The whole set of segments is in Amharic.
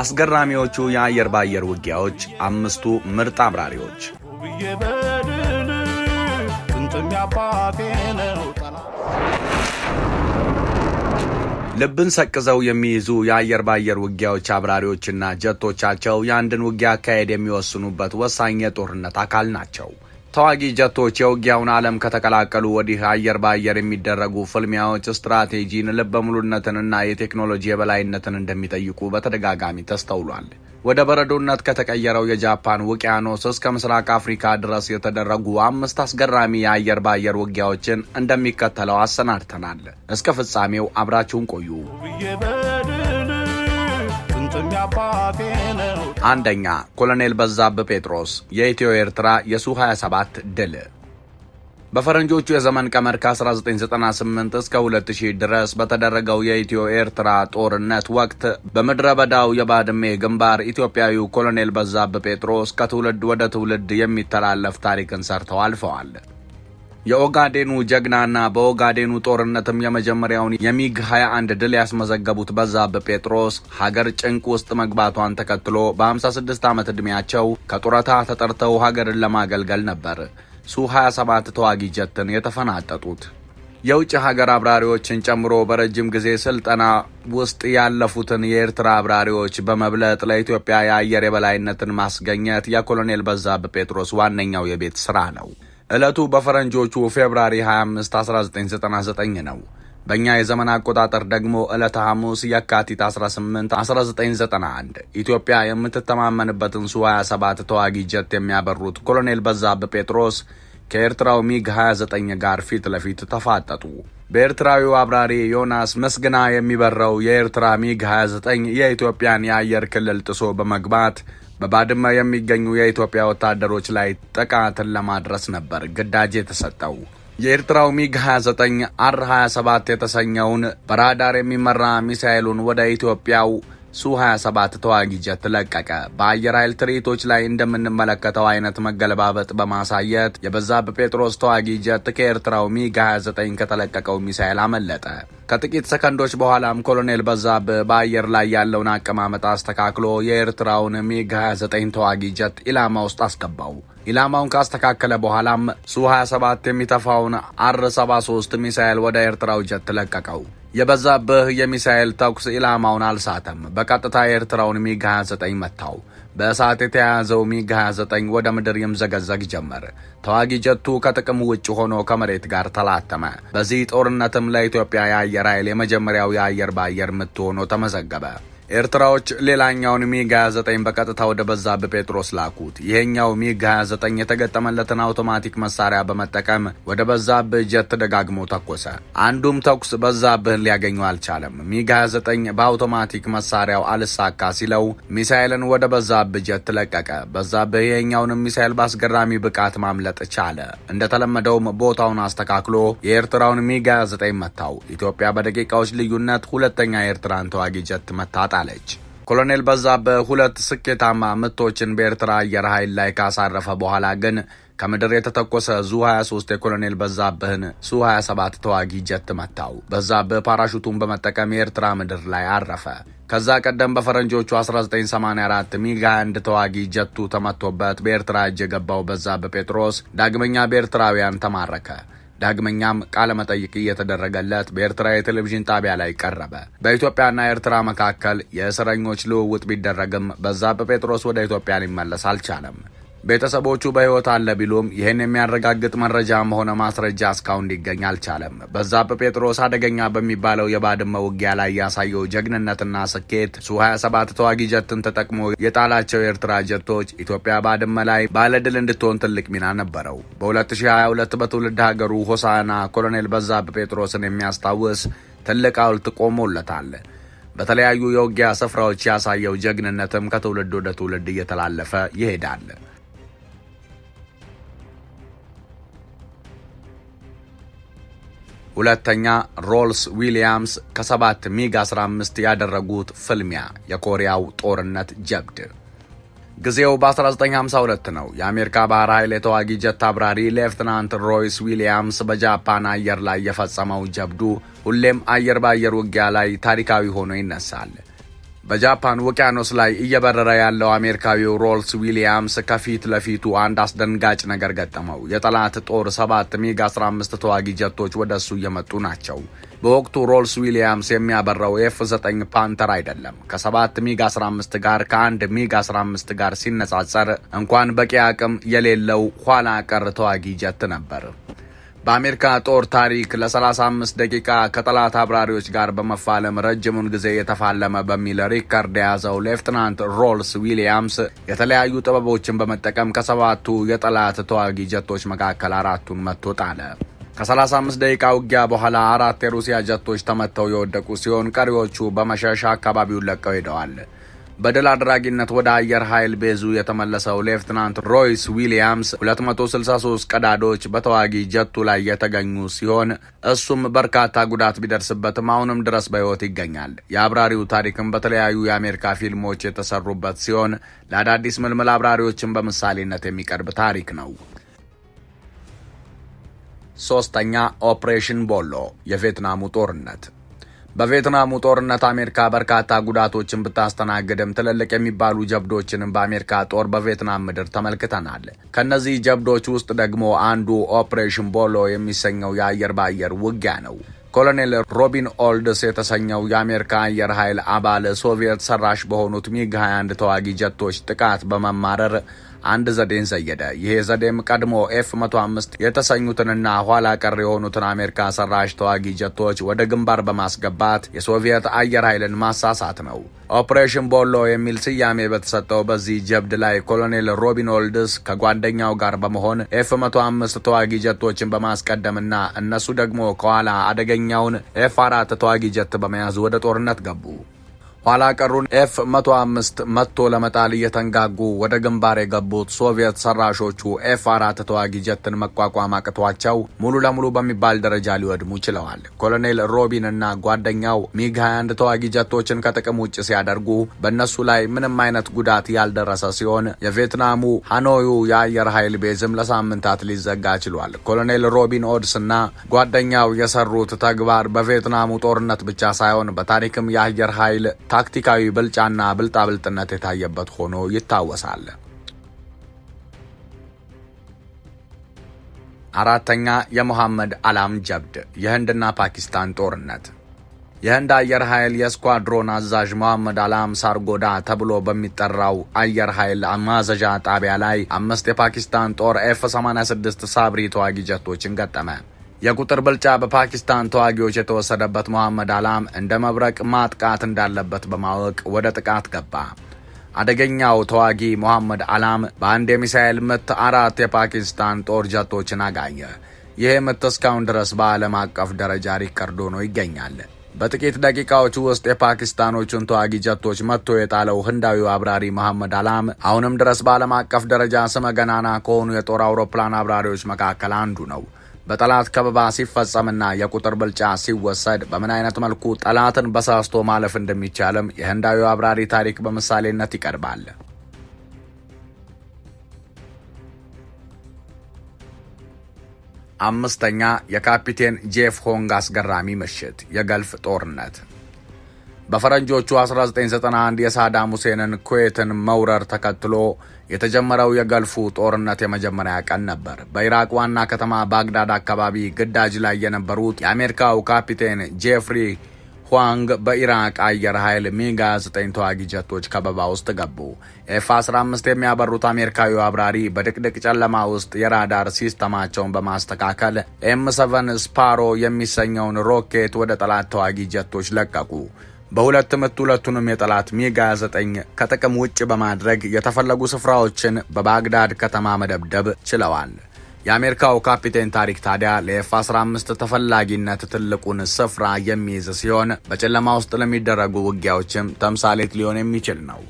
አስገራሚዎቹ የአየር ባየር ውጊያዎች፣ አምስቱ ምርጥ አብራሪዎች። ልብን ሰቅዘው የሚይዙ የአየር ባየር ውጊያዎች አብራሪዎችና ጀቶቻቸው የአንድን ውጊያ አካሄድ የሚወስኑበት ወሳኝ የጦርነት አካል ናቸው። ተዋጊ ጀቶች የውጊያውን ዓለም ከተቀላቀሉ ወዲህ አየር በአየር የሚደረጉ ፍልሚያዎች ስትራቴጂን፣ ልበሙሉነትንና የቴክኖሎጂ የበላይነትን እንደሚጠይቁ በተደጋጋሚ ተስተውሏል። ወደ በረዶነት ከተቀየረው የጃፓን ውቅያኖስ እስከ ምስራቅ አፍሪካ ድረስ የተደረጉ አምስት አስገራሚ የአየር በአየር ውጊያዎችን እንደሚከተለው አሰናድተናል። እስከ ፍጻሜው አብራችሁን ቆዩ። አንደኛ ኮሎኔል በዛብህ ጴጥሮስ የኢትዮ ኤርትራ የሱ 27 ድል በፈረንጆቹ የዘመን ቀመር ከ1998 እስከ 2000 ድረስ በተደረገው የኢትዮ ኤርትራ ጦርነት ወቅት በምድረ በዳው የባድሜ ግንባር ኢትዮጵያዊው ኮሎኔል በዛብህ ጴጥሮስ ከትውልድ ወደ ትውልድ የሚተላለፍ ታሪክን ሰርተው አልፈዋል። የኦጋዴኑ ጀግናና በኦጋዴኑ ጦርነትም የመጀመሪያውን የሚግ 21 ድል ያስመዘገቡት በዛብህ ጴጥሮስ ሀገር ጭንቅ ውስጥ መግባቷን ተከትሎ በ56 ዓመት ዕድሜያቸው ከጡረታ ተጠርተው ሀገርን ለማገልገል ነበር ሱ 27 ተዋጊ ጀትን የተፈናጠጡት። የውጭ ሀገር አብራሪዎችን ጨምሮ በረጅም ጊዜ ስልጠና ውስጥ ያለፉትን የኤርትራ አብራሪዎች በመብለጥ ለኢትዮጵያ የአየር የበላይነትን ማስገኘት የኮሎኔል በዛብህ ጴጥሮስ ዋነኛው የቤት ስራ ነው። ዕለቱ በፈረንጆቹ ፌብራሪ 25 1999 ነው። በእኛ የዘመን አቆጣጠር ደግሞ ዕለተ ሐሙስ የካቲት 18 1991 ኢትዮጵያ የምትተማመንበትን ሱ 27 ተዋጊ ጀት የሚያበሩት ኮሎኔል በዛብ ጴጥሮስ ከኤርትራው ሚግ 29 ጋር ፊት ለፊት ተፋጠጡ። በኤርትራዊው አብራሪ ዮናስ መስግና የሚበረው የኤርትራ ሚግ 29 የኢትዮጵያን የአየር ክልል ጥሶ በመግባት በባድመ የሚገኙ የኢትዮጵያ ወታደሮች ላይ ጥቃትን ለማድረስ ነበር ግዳጅ የተሰጠው። የኤርትራው ሚግ 29 አር 27 የተሰኘውን በራዳር የሚመራ ሚሳኤሉን ወደ ኢትዮጵያው ሱ-27 ተዋጊ ጀት ለቀቀ። በአየር ኃይል ትርኢቶች ላይ እንደምንመለከተው አይነት መገለባበጥ በማሳየት የበዛብህ ጴጥሮስ ተዋጊ ጀት ከኤርትራው ሚግ 29 ከተለቀቀው ሚሳኤል አመለጠ። ከጥቂት ሰከንዶች በኋላም ኮሎኔል በዛብህ በአየር ላይ ያለውን አቀማመጥ አስተካክሎ የኤርትራውን ሚግ 29 ተዋጊ ጀት ኢላማ ውስጥ አስገባው። ኢላማውን ካስተካከለ በኋላም ሱ-27 የሚተፋውን አር-73 ሚሳኤል ወደ ኤርትራው ጀት ለቀቀው። የበዛብህ የሚሳኤል ተኩስ ኢላማውን አልሳተም። በቀጥታ የኤርትራውን ሚግ 29 መታው። በእሳት የተያያዘው ሚግ 29 ወደ ምድር ይምዘገዘግ ጀመር። ተዋጊ ጀቱ ከጥቅም ውጭ ሆኖ ከመሬት ጋር ተላተመ። በዚህ ጦርነትም ለኢትዮጵያ የአየር ኃይል የመጀመሪያው የአየር በአየር ምት ሆኖ ተመዘገበ። ኤርትራዎች ሌላኛውን ሚግ 29 በቀጥታ ወደ በዛብህ ጴጥሮስ ላኩት። ይሄኛው ሚግ 29 የተገጠመለትን አውቶማቲክ መሳሪያ በመጠቀም ወደ በዛብህ ጀት ደጋግሞ ተኮሰ። አንዱም ተኩስ በዛብህን ሊያገኙ አልቻለም። ሚግ 29 በአውቶማቲክ መሳሪያው አልሳካ ሲለው ሚሳኤልን ወደ በዛብህ ጀት ለቀቀ። በዛብህ ይሄኛውንም ሚሳኤል በአስገራሚ ብቃት ማምለጥ ቻለ። እንደተለመደውም ቦታውን አስተካክሎ የኤርትራውን ሚግ 29 መታው። ኢትዮጵያ በደቂቃዎች ልዩነት ሁለተኛ የኤርትራን ተዋጊ ጀት መታጣ ጣለች። ኮሎኔል በዛብህ ሁለት ስኬታማ ምቶችን በኤርትራ አየር ኃይል ላይ ካሳረፈ በኋላ ግን ከምድር የተተኮሰ ዙ 23 የኮሎኔል በዛብህን ሱ 27 ተዋጊ ጀት መታው። በዛብህ ፓራሹቱን በመጠቀም የኤርትራ ምድር ላይ አረፈ። ከዛ ቀደም በፈረንጆቹ 1984 ሚግ 21 ተዋጊ ጀቱ ተመቶበት በኤርትራ እጅ የገባው በዛብህ ጴጥሮስ ዳግመኛ በኤርትራውያን ተማረከ። ዳግመኛም ቃለመጠይቅ እየተደረገለት በኤርትራ የቴሌቪዥን ጣቢያ ላይ ቀረበ። በኢትዮጵያና ኤርትራ መካከል የእስረኞች ልውውጥ ቢደረግም በዛብህ ጴጥሮስ ወደ ኢትዮጵያ ሊመለስ አልቻለም። ቤተሰቦቹ በሕይወት አለ ቢሉም ይህን የሚያረጋግጥ መረጃም ሆነ ማስረጃ እስካሁን ሊገኝ አልቻለም። በዛብህ ጴጥሮስ አደገኛ በሚባለው የባድመ ውጊያ ላይ ያሳየው ጀግንነትና ስኬት ሱ 27 ተዋጊ ጀትን ተጠቅሞ የጣላቸው የኤርትራ ጀቶች ኢትዮጵያ ባድመ ላይ ባለድል እንድትሆን ትልቅ ሚና ነበረው። በ2022 በትውልድ ሀገሩ ሆሳና ኮሎኔል በዛብህ ጴጥሮስን የሚያስታውስ ትልቅ ሐውልት ቆሞለታል። በተለያዩ የውጊያ ስፍራዎች ያሳየው ጀግንነትም ከትውልድ ወደ ትውልድ እየተላለፈ ይሄዳል። ሁለተኛ ሮልስ ዊሊያምስ ከ7 ሚግ 15 ያደረጉት ፍልሚያ የኮሪያው ጦርነት ጀብድ። ጊዜው በ1952 ነው። የአሜሪካ ባህር ኃይል የተዋጊ ጀት አብራሪ ሌፍትናንት ሮይስ ዊሊያምስ በጃፓን አየር ላይ የፈጸመው ጀብዱ ሁሌም አየር በአየር ውጊያ ላይ ታሪካዊ ሆኖ ይነሳል። በጃፓን ውቅያኖስ ላይ እየበረረ ያለው አሜሪካዊው ሮልስ ዊሊያምስ ከፊት ለፊቱ አንድ አስደንጋጭ ነገር ገጠመው። የጠላት ጦር ሰባት ሚግ 15 ተዋጊ ጀቶች ወደ እሱ እየመጡ ናቸው። በወቅቱ ሮልስ ዊሊያምስ የሚያበረው ኤፍ 9 ፓንተር አይደለም። ከ7 ሚግ 15 ጋር ከአንድ ሚግ 15 ጋር ሲነጻጸር እንኳን በቂ አቅም የሌለው ኋላ ቀር ተዋጊ ጀት ነበር። በአሜሪካ ጦር ታሪክ ለ35 ደቂቃ ከጠላት አብራሪዎች ጋር በመፋለም ረጅሙን ጊዜ የተፋለመ በሚል ሪከርድ የያዘው ሌፍትናንት ሮልስ ዊሊያምስ የተለያዩ ጥበቦችን በመጠቀም ከሰባቱ የጠላት ተዋጊ ጀቶች መካከል አራቱን መቶ ጣለ። ከ35 ደቂቃ ውጊያ በኋላ አራት የሩሲያ ጀቶች ተመተው የወደቁ ሲሆን ቀሪዎቹ በመሸሽ አካባቢውን ለቀው ሄደዋል። በድል አድራጊነት ወደ አየር ኃይል ቤዙ የተመለሰው ሌፍትናንት ሮይስ ዊሊያምስ 263 ቀዳዶች በተዋጊ ጀቱ ላይ የተገኙ ሲሆን እሱም በርካታ ጉዳት ቢደርስበትም አሁንም ድረስ በሕይወት ይገኛል። የአብራሪው ታሪክም በተለያዩ የአሜሪካ ፊልሞች የተሰሩበት ሲሆን ለአዳዲስ ምልምል አብራሪዎችን በምሳሌነት የሚቀርብ ታሪክ ነው። ሶስተኛ ኦፕሬሽን ቦሎ የቬትናሙ ጦርነት በቬትናሙ ጦርነት አሜሪካ በርካታ ጉዳቶችን ብታስተናግድም ትልልቅ የሚባሉ ጀብዶችንም በአሜሪካ ጦር በቬትናም ምድር ተመልክተናል። ከእነዚህ ጀብዶች ውስጥ ደግሞ አንዱ ኦፕሬሽን ቦሎ የሚሰኘው የአየር በአየር ውጊያ ነው። ኮሎኔል ሮቢን ኦልድስ የተሰኘው የአሜሪካ አየር ኃይል አባል ሶቪየት ሰራሽ በሆኑት ሚግ 21 ተዋጊ ጀቶች ጥቃት በመማረር አንድ ዘዴን ዘየደ። ይህ ዘዴም ቀድሞ ኤፍ 105 የተሰኙትንና ኋላ ቀር የሆኑትን አሜሪካ ሰራሽ ተዋጊ ጀቶች ወደ ግንባር በማስገባት የሶቪየት አየር ኃይልን ማሳሳት ነው። ኦፕሬሽን ቦሎ የሚል ስያሜ በተሰጠው በዚህ ጀብድ ላይ ኮሎኔል ሮቢን ኦልድስ ከጓደኛው ጋር በመሆን ኤፍ 105 ተዋጊ ጀቶችን በማስቀደምና እነሱ ደግሞ ከኋላ አደገኛውን ኤፍ አራት ተዋጊ ጀት በመያዝ ወደ ጦርነት ገቡ። ኋላ ቀሩን ኤፍ 105 መጥቶ ለመጣል እየተንጋጉ ወደ ግንባር የገቡት ሶቪየት ሰራሾቹ ኤፍ አራት ተዋጊ ጀትን መቋቋም አቅቷቸው ሙሉ ለሙሉ በሚባል ደረጃ ሊወድሙ ችለዋል። ኮሎኔል ሮቢን እና ጓደኛው ሚግ 21 ተዋጊ ጀቶችን ከጥቅም ውጭ ሲያደርጉ በእነሱ ላይ ምንም አይነት ጉዳት ያልደረሰ ሲሆን የቪየትናሙ ሃኖዩ የአየር ኃይል ቤዝም ለሳምንታት ሊዘጋ ችሏል። ኮሎኔል ሮቢን ኦድስ እና ጓደኛው የሰሩት ተግባር በቪየትናሙ ጦርነት ብቻ ሳይሆን በታሪክም የአየር ኃይል ታክቲካዊ ብልጫና ብልጣብልጥነት የታየበት ሆኖ ይታወሳል። አራተኛ የመሐመድ አላም ጀብድ፣ የህንድና ፓኪስታን ጦርነት። የህንድ አየር ኃይል የስኳድሮን አዛዥ መሐመድ አላም ሳርጎዳ ተብሎ በሚጠራው አየር ኃይል ማዘዣ ጣቢያ ላይ አምስት የፓኪስታን ጦር ኤፍ 86 ሳብሪ ተዋጊ ጀቶችን ገጠመ። የቁጥር ብልጫ በፓኪስታን ተዋጊዎች የተወሰደበት መሐመድ አላም እንደ መብረቅ ማጥቃት እንዳለበት በማወቅ ወደ ጥቃት ገባ። አደገኛው ተዋጊ መሐመድ አላም በአንድ የሚሳኤል ምት አራት የፓኪስታን ጦር ጀቶችን አጋኘ። ይህ ምት እስካሁን ድረስ በዓለም አቀፍ ደረጃ ሪከርድ ሆኖ ይገኛል። በጥቂት ደቂቃዎች ውስጥ የፓኪስታኖቹን ተዋጊ ጀቶች መጥቶ የጣለው ህንዳዊው አብራሪ መሐመድ አላም አሁንም ድረስ በዓለም አቀፍ ደረጃ ስመ ገናና ከሆኑ የጦር አውሮፕላን አብራሪዎች መካከል አንዱ ነው። በጠላት ከበባ ሲፈጸምና የቁጥር ብልጫ ሲወሰድ በምን አይነት መልኩ ጠላትን በሳስቶ ማለፍ እንደሚቻልም የህንዳዊ አብራሪ ታሪክ በምሳሌነት ይቀርባል። አምስተኛ የካፒቴን ጄፍ ሆንግ አስገራሚ ምሽት የገልፍ ጦርነት በፈረንጆቹ 1991 የሳዳም ሁሴንን ኩዌትን መውረር ተከትሎ የተጀመረው የገልፉ ጦርነት የመጀመሪያ ቀን ነበር። በኢራቅ ዋና ከተማ ባግዳድ አካባቢ ግዳጅ ላይ የነበሩት የአሜሪካው ካፒቴን ጄፍሪ ሁዋንግ በኢራቅ አየር ኃይል ሚግ 29 ተዋጊ ጀቶች ከበባ ውስጥ ገቡ። ኤፍ 15 የሚያበሩት አሜሪካዊ አብራሪ በድቅድቅ ጨለማ ውስጥ የራዳር ሲስተማቸውን በማስተካከል ኤም 7 ስፓሮ የሚሰኘውን ሮኬት ወደ ጠላት ተዋጊ ጀቶች ለቀቁ። በሁለት ምት ሁለቱንም የጠላት ሚጋ 9 ከጥቅም ውጭ በማድረግ የተፈለጉ ስፍራዎችን በባግዳድ ከተማ መደብደብ ችለዋል። የአሜሪካው ካፒቴን ታሪክ ታዲያ ለኤፍ 15 ተፈላጊነት ትልቁን ስፍራ የሚይዝ ሲሆን በጨለማ ውስጥ ለሚደረጉ ውጊያዎችም ተምሳሌት ሊሆን የሚችል ነው።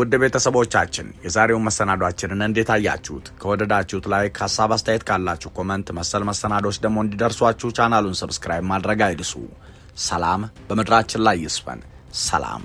ውድ ቤተሰቦቻችን የዛሬውን መሰናዷችንን እንዴት አያችሁት? ከወደዳችሁት ላይክ፣ ሀሳብ አስተያየት ካላችሁ ኮመንት፣ መሰል መሰናዶች ደግሞ እንዲደርሷችሁ ቻናሉን ሰብስክራይብ ማድረግ አይርሱ። ሰላም በምድራችን ላይ ይስፈን። ሰላም